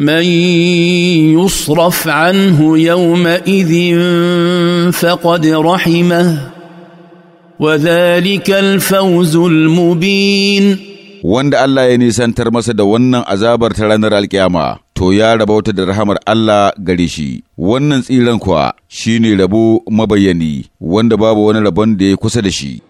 من يصرف عنه يومئذ فقد رحمه وذلك الفوز المبين wanda Allah ya nisantar masa da wannan azabar ta ranar alkiyama to ya rabauta da rahamar Allah gare shi wannan tsiran kuwa shine rabo mabayani wanda babu wani rabon da ya kusa da shi